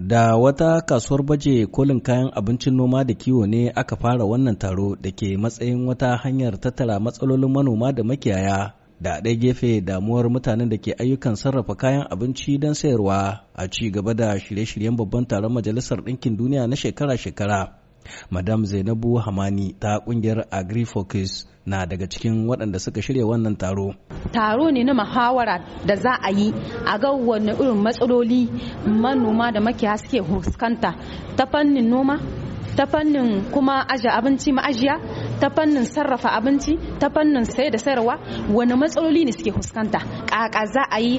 Da wata kasuwar baje kolin kayan abincin noma da kiwo ne aka fara wannan taro da ke matsayin wata hanyar tattara matsalolin manoma da makiyaya da ɗaya gefe damuwar mutanen da ke ayyukan sarrafa kayan abinci don sayarwa a ci gaba da shirye-shiryen babban taron majalisar ɗinkin duniya na shekara-shekara. madam zainabu hamani ta kungiyar agrifocus na daga cikin waɗanda suka shirya wannan taro taro ne na muhawara da za a yi a ga wani irin matsaloli manoma da makiyaya suke fuskanta ta fannin noma ta fannin kuma aje abinci ma'ajiya ta fannin sarrafa abinci ta fannin sai da sayarwa wani matsaloli ne suke fuskanta kaka za a yi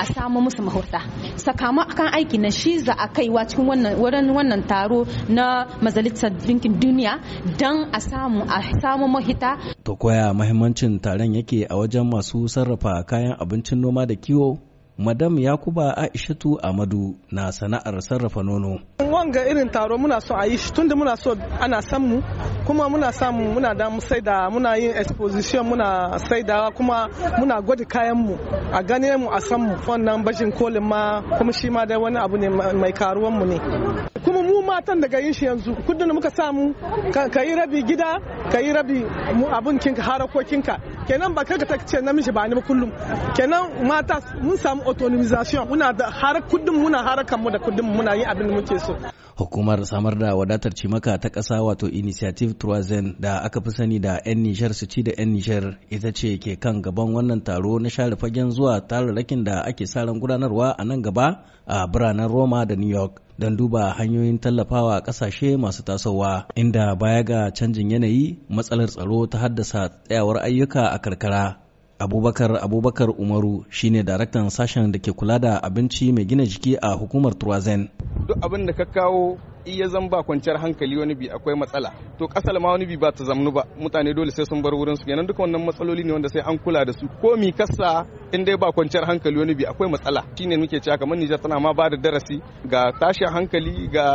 a samu musu mahurta sakamakon aiki na shi za a kaiwa cikin wannan wannan taro na majalisar dinkin duniya don a samu a samu mahita to koya mahimmancin taron yake a wajen masu sarrafa kayan abincin noma da kiwo madam yakuba aishatu amadu na sana'ar sarrafa nono wanga irin taro muna so a yi shi tunda muna so ana san mu kuma muna samu muna da mu saida muna yin exposition muna saidawa kuma muna gwada kayan mu a gane mu a san mu wannan bashin kolin ma kuma shi ma dai wani abu ne mai karuwan mu ne kuma mu matan daga yin shi yanzu kudin muka samu ka yi rabi gida ka yi rabi abun kinka harakokinka kenan ba karka ce namiji ba ni ba kullum kenan mata mun samu autonomization muna da har kudin muna harakan mu da kudin muna yi abin da muke so hukumar samar da wadatar cimaka ta ƙasa wato initiative troisième da aka fi sani da 'yan nishar su ci da 'yan nishar ita ce ke kan gaban wannan taro na share fagen zuwa tararrakin da ake sa ran gudanarwa a nan gaba a biranen roma da new york don duba hanyoyin tallafawa kasashe masu tasowa inda baya ga canjin yanayi matsalar tsaro ta haddasa tsayawar ayyuka a karkara abubakar abubakar umaru shine daraktan sashen da ke kula da abinci mai gina jiki a hukumar turazen duk abin da ka kawo iya zan ba kwanciyar hankali wani bi akwai matsala to kasal ma wani bi ba ta zamnu ba mutane dole sai sun bar wurin su kenan duka wannan matsaloli ne wanda sai an kula da su ko mi kasa in dai ba kwanciyar hankali wani bi akwai matsala shine muke cewa kamar Nijar tana ma ba da darasi ga tashin hankali ga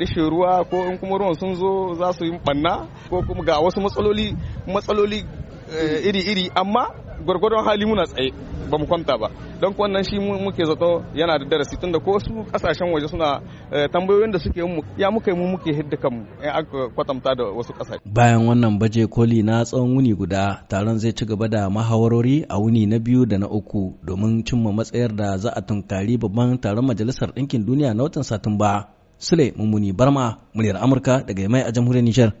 rishin ruwa ko in kuma ruwan sun zo za su yi banna ko kuma ga wasu matsaloli matsaloli eh, iri-iri amma gwargwadon hali muna tsaye ba mu kwamta ba don wannan shi muke zato yana da darasi tunda ko su kasashen waje suna eh, tambayoyin da suke ya muka yi mu muke hidda kanmu in aka kwatanta da wasu kasashe bayan wannan baje koli na tsawon wuni guda taron zai ci gaba da mahawarori a wuni na biyu da na uku domin cimma matsayar da za a tunkari babban taron majalisar ɗinkin duniya na watan satumba sule mummuni barma muryar amurka daga mai a jamhuriyar nijar